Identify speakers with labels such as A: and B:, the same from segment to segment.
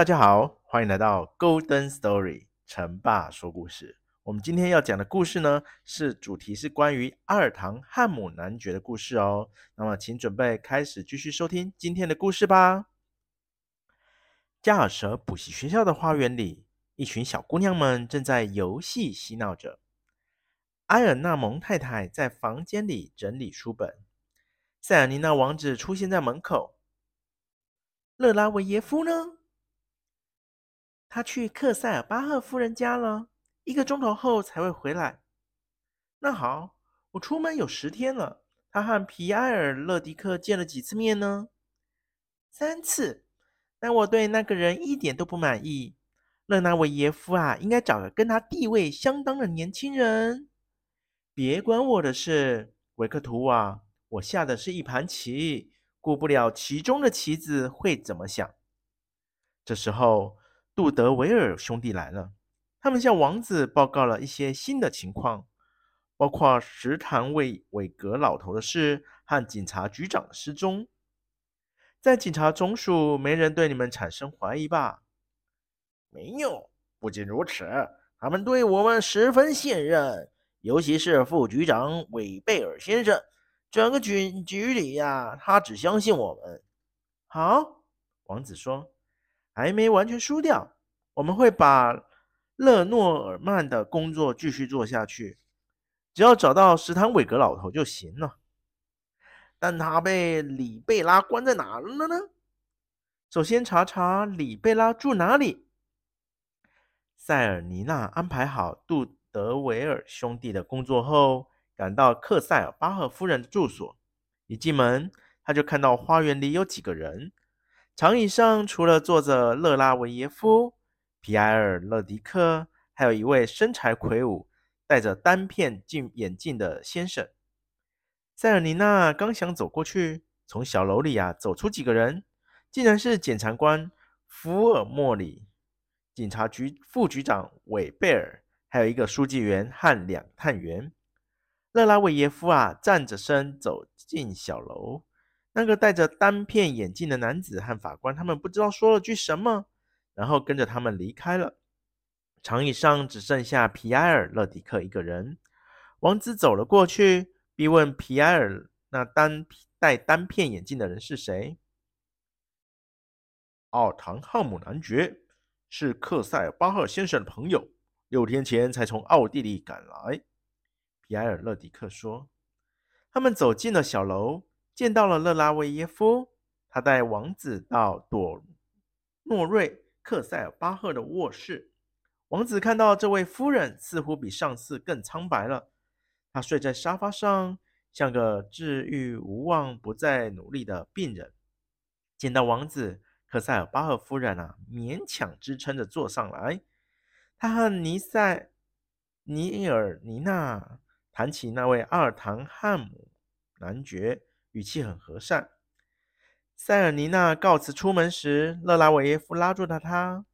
A: 大家好，歡迎來到 Golden Story 成爸說故事。我們今天要講的故事呢，是主題是關於阿爾唐漢姆男爵的故事哦。那麼，請準備開始繼續收聽今天的故事吧。加爾舍補習學校的花園裡，一群小姑娘們正在遊戲嬉鬧着。埃爾納蒙太太在房間裡整理書本。賽爾尼納王子出現在門口。勒拉維耶夫呢？他去克塞爾巴赫夫人家了，一個鐘頭後才會回來。那好，我出門有十天了。他和皮埃爾·勒迪克見了幾次面呢？三次。但我對那個人一點都不滿意。勒納維耶夫啊，應該找個跟他地位相當的年輕人。別管我的事，維克圖瓦啊，我下的是一盤棋，顧不了其中的棋子會怎麼想。這時候。杜德維爾兄弟來了，他們向王子報告了一些新的情況，包括史坦維格老頭的事和警察局長的失蹤。在警察總署，沒人對你們產生懷疑吧？沒有，不僅如此，他們對我們十分信任，尤其是副局長韋貝爾先生，整個警局，局裡呀、啊，他只相信我們。好、啊，王子說。還沒完全輸掉，我們會把勒諾爾曼的工作繼續做下去，只要找到史坦維格老頭就行了。但他被里貝拉關在哪了呢？首先查查里貝拉住哪裡。塞爾尼娜安排好杜德維爾兄弟的工作後，趕到克塞爾巴赫夫人的住所，一進門他就看到花園裡有幾個人。長椅上除了坐着勒拉維耶夫、皮埃爾·勒迪克，還有一位身材魁梧、戴着單片鏡眼鏡的先生。塞爾尼娜剛想走過去，從小樓裡啊走出幾個人，竟然是檢察官福爾莫里、警察局副局長韋貝爾，還有一個書記員和兩探員。勒拉維耶夫啊，站着身走進小樓。那個戴着單片眼鏡的男子和法官，他們不知道說了句什麼，然後跟着他們離開了。長椅上只剩下皮埃爾·勒迪克一個人。王子走了過去，逼問皮埃爾：“那單戴單片眼鏡的人是誰？”“阿爾唐漢姆男爵，是克塞爾巴赫先生的朋友，六天前才從奧地利趕來。”皮埃爾·勒迪克說。他們走進了小樓。見到了勒拉維耶夫，他帶王子到朵諾瑞克塞爾巴赫的臥室。王子看到這位夫人似乎比上次更蒼白了，他睡在沙發上，像個治愈無望、不再努力的病人。見到王子，克塞爾巴赫夫人啊，勉強支撐着坐上來。他和塞爾尼納談起那位阿爾唐漢姆男爵。語氣很和善。塞爾尼娜告辭出門時，勒拉維耶夫拉住了他：“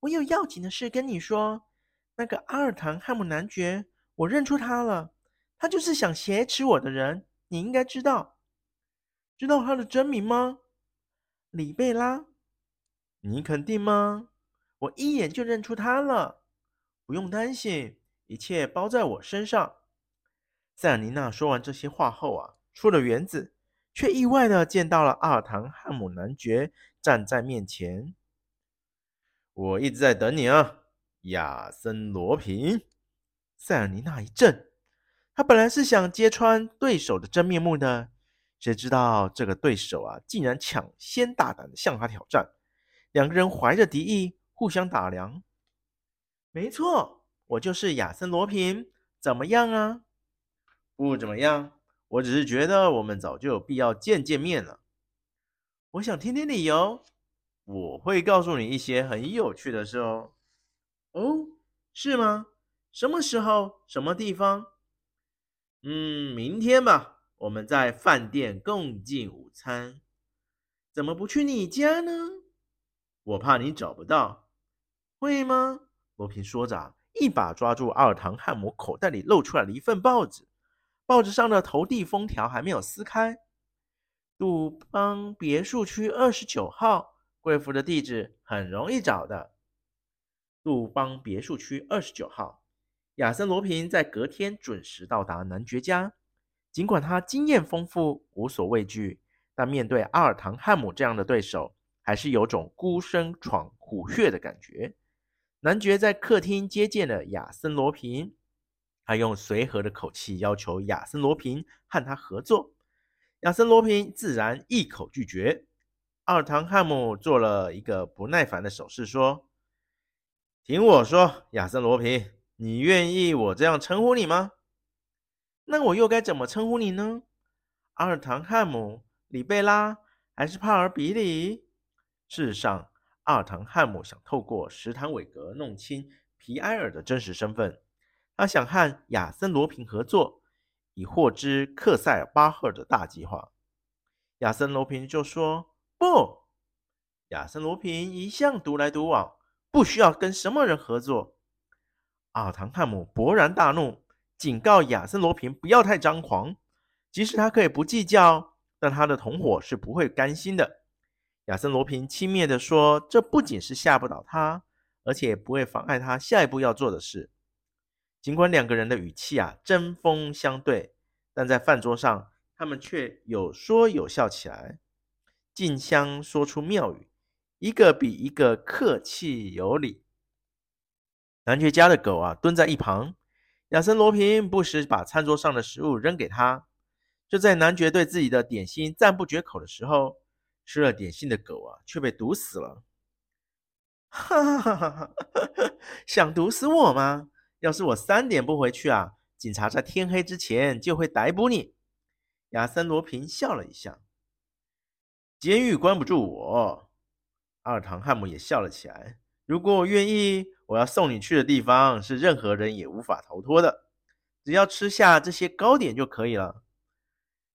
A: 我有要緊的事跟你說。那個阿爾唐漢姆男爵，我認出他了。他就是想挾持我的人。你應該知道，知道他的真名嗎？李貝拉？你肯定嗎？我一眼就認出他了。不用擔心，一切包在我身上。”塞爾尼娜說完這些話後啊。出了園子，卻意外的見到了阿爾唐漢姆男爵站在面前。我一直在等你啊，亞森羅蘋。賽爾尼納一震，他本來是想揭穿對手的真面目的，誰知道這個對手啊，竟然搶先大膽的向他挑戰。兩個人懷着敵意，互相打量。沒錯，我就是亞森羅蘋。怎麼樣啊？不怎麼樣。我只是覺得我們早就有必要見見面了。我想聽聽理由。我會告訴你一些很有趣的事哦。哦，是嗎？什麼時候？什麼地方？嗯，明天吧。我們在飯店共進午餐。怎麼不去你家呢？我怕你找不到。會嗎？羅蘋說着，一把抓住阿爾唐漢姆口袋裡露出來的一份報紙。報紙上的投遞封條還沒有撕開。杜邦別墅區二十九號，貴婦的地址很容易找的。杜邦別墅區二十九號，亞森羅蘋在隔天準時到達男爵家。儘管他經驗豐富，無所畏懼，但面對阿爾唐漢姆這樣的對手，還是有種孤身闖虎穴的感覺。男爵在客廳接見了亞森羅蘋。他用隨和的口氣要求亞森·羅平和他合作，亞森·羅平自然一口拒絕。阿爾唐漢姆做了一個不耐煩的手勢，說：“聽我說，亞森·羅平，你願意我這樣稱呼你嗎？那我又該怎麼稱呼你呢？阿爾唐漢姆、里貝拉還是帕爾比里？事實上，阿爾唐漢姆想透過史坦維格弄清皮埃爾的真實身份。”他想和亞森·羅平合作，以獲知克塞爾巴赫的大計劃。亞森·羅平就說：“不，亞森·羅平一向獨來獨往，不需要跟什麼人合作。”阿爾唐漢姆勃然大怒，警告亞森·羅平不要太張狂。即使他可以不計較，但他的同夥是不會甘心的。亞森·羅平輕蔑地說：“這不僅是嚇不倒他，而且不會妨礙他下一步要做的事。”儘管兩個人的語氣啊針鋒相對，但在飯桌上，他們卻有說有笑起來，競相說出妙語，一個比一個客氣有禮。男爵家的狗啊蹲在一旁，亞森羅蘋不時把餐桌上的食物扔給他，就在男爵對自己的點心讚不絕口的時候，吃了點心的狗啊卻被毒死了。哈哈哈哈哈哈！想毒死我嗎？要是我三點不回去啊，警察在天黑之前就會逮捕你。亞森羅蘋笑了一下，監獄關不住我。阿爾唐漢姆也笑了起來。如果我願意，我要送你去的地方是任何人也無法逃脫的。只要吃下這些糕點就可以了。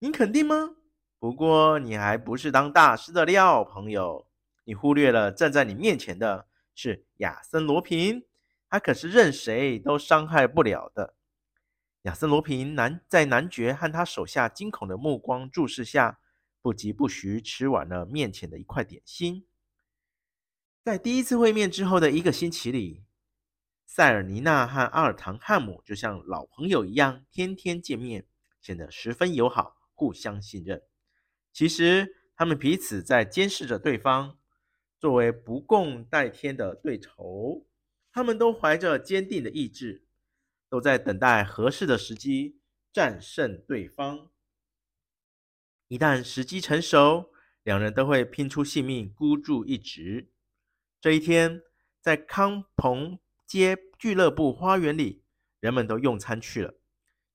A: 你肯定嗎？不過你還不是當大師的料，朋友。你忽略了站在你面前的是亞森羅蘋。他可是任誰都傷害不了的。亞森·羅蘋男在男爵和他手下驚恐的目光注視下，不疾不徐吃完了面前的一塊點心。在第一次會面之後的一個星期裡，賽爾尼納和阿爾唐漢姆就像老朋友一樣天天見面，顯得十分友好，互相信任。其實，他們彼此在監視着對方，作為不共戴天的對頭。他們都懷着堅定的意志，都在等待合適的時機戰勝對方。一旦時機成熟，兩人都會拼出性命，孤注一擲。這一天，在康朋街俱樂部花園裡，人們都用餐去了，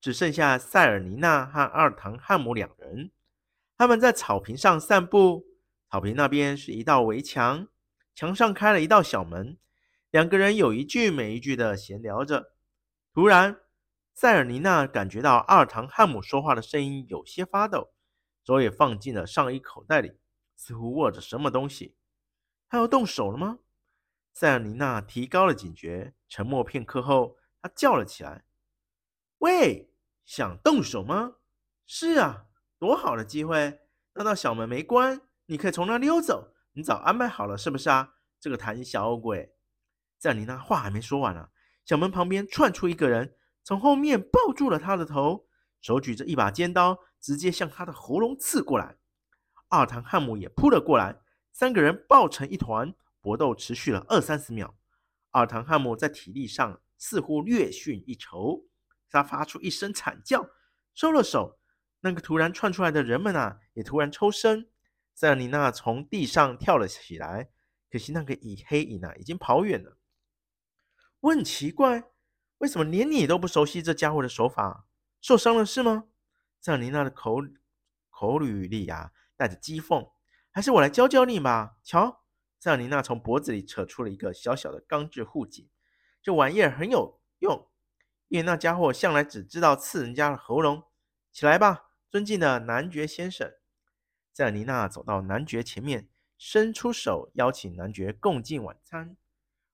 A: 只剩下賽爾尼納和阿爾唐漢姆兩人。他們在草坪上散步，草坪那邊是一道圍牆，牆上開了一道小門。兩個人有一句沒一句的閒聊着。突然，塞爾尼娜感覺到阿爾唐漢姆說話的聲音有些發抖，手也放進了上衣口袋裡，似乎握着什麼東西。他要動手了嗎？塞爾尼娜提高了警覺。沉默片刻後，他叫了起來：“喂，想動手嗎？”“是啊，多好的機會！那道小門沒關，你可以從那溜走。你早安排好了是不是啊，這個膽小鬼？”賽爾尼納話還沒說完呢、啊，小門旁邊竄出一個人，從後面抱住了他的頭，手舉着一把尖刀，直接向他的喉嚨刺過來。阿爾唐漢姆也撲了過來，三個人抱成一團，搏鬥持續了二三十秒。阿爾唐漢姆在體力上似乎略遜一籌，他發出一聲慘叫，收了手。那個突然竄出來的人們啊，也突然抽身。賽爾尼納從地上跳了起來，可惜那個以黑影啊，已經跑遠了。我很奇怪，為什麼連你都不熟悉這傢伙的手法？受傷了是嗎？賽爾尼納的口口語裡啊帶着譏諷。還是我來教教你吧。瞧，賽爾尼納從脖子裡扯出了一個小小的鋼制護頸，這玩意兒很有用，因為那傢伙向來只知道刺人家的喉嚨。起來吧，尊敬的男爵先生。賽爾尼納走到男爵前面，伸出手邀請男爵共進晚餐。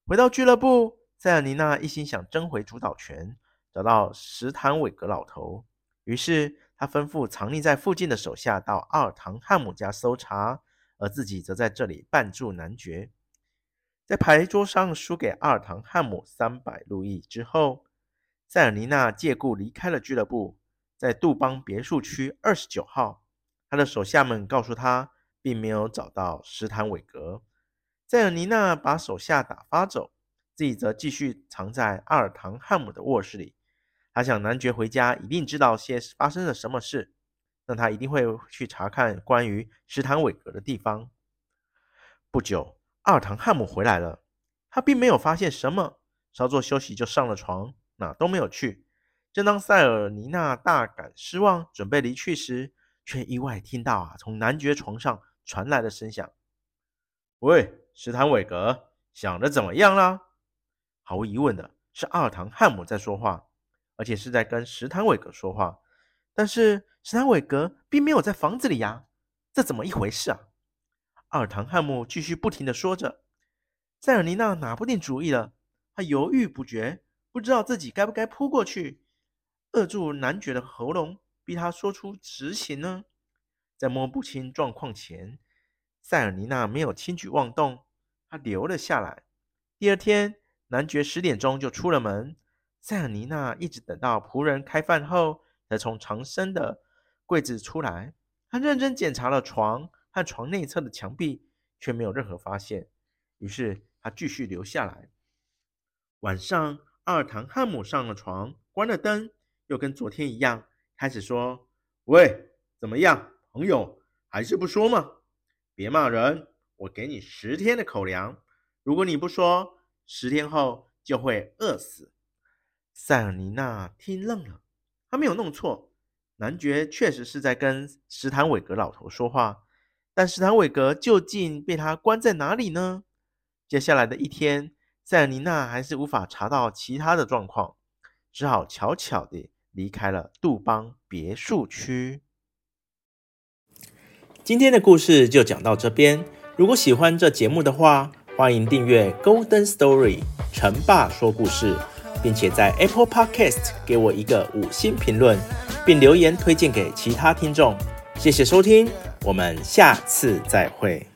A: 回到俱樂部。塞爾尼娜一心想爭回主導權，找到史坦維格老頭。於是他吩咐藏匿在附近的手下到阿爾唐漢姆家搜查，而自己則在這裡絆住男爵。在牌桌上輸給阿爾唐漢姆三百路易之後，塞爾尼娜借故離開了俱樂部，在杜邦別墅區二十九號，他的手下們告訴他，並沒有找到史坦維格。塞爾尼娜把手下打發走。自己則繼續藏在阿爾唐漢姆的臥室裡。他想，男爵回家一定知道些發生了什麼事，那他一定會去查看關於史坦維格的地方。不久，阿爾唐漢姆回來了，他並沒有發現什麼，稍作休息就上了床，哪都沒有去。正當賽爾尼納大感失望，準備離去時，卻意外聽到啊，從男爵床上傳來的聲響。喂，史坦維格，想得怎麼樣了？毫無疑問的是，阿爾唐漢姆在說話，而且是在跟史坦維格說話。但是史坦維格並沒有在房子裡呀、啊，這怎麼一回事啊？阿爾唐漢姆繼續不停的說着，賽爾尼納拿不定主意了，他猶豫不決，不知道自己該不該撲過去，扼住男爵的喉嚨，逼他說出實情呢？在摸不清狀況前，賽爾尼納沒有輕舉妄動，他留了下來。第二天。男爵十點鐘就出了門，塞爾尼娜一直等到僕人開飯後，才從藏身的櫃子出來。他認真檢查了床和床內側的牆壁，卻沒有任何發現。於是他繼續留下來。晚上，阿爾唐漢姆上了床，關了燈，又跟昨天一樣開始說：“喂，怎麼樣，朋友？還是不說嗎？別罵人，我給你十天的口糧。如果你不說……”十天後就會餓死。賽爾尼納聽愣了，他沒有弄錯，男爵確實是在跟史坦維格老頭說話。但史坦維格究竟被他關在哪裡呢？接下來的一天，賽爾尼納還是無法查到其他的狀況，只好悄悄地離開了杜邦別墅區。今天的故事就講到這邊。如果喜歡這節目的話，歡迎訂閱《Golden Story》成爸說故事，並且在 Apple Podcast 給我一個五星評論，並留言推薦給其他聽眾。謝謝收聽，我們下次再會。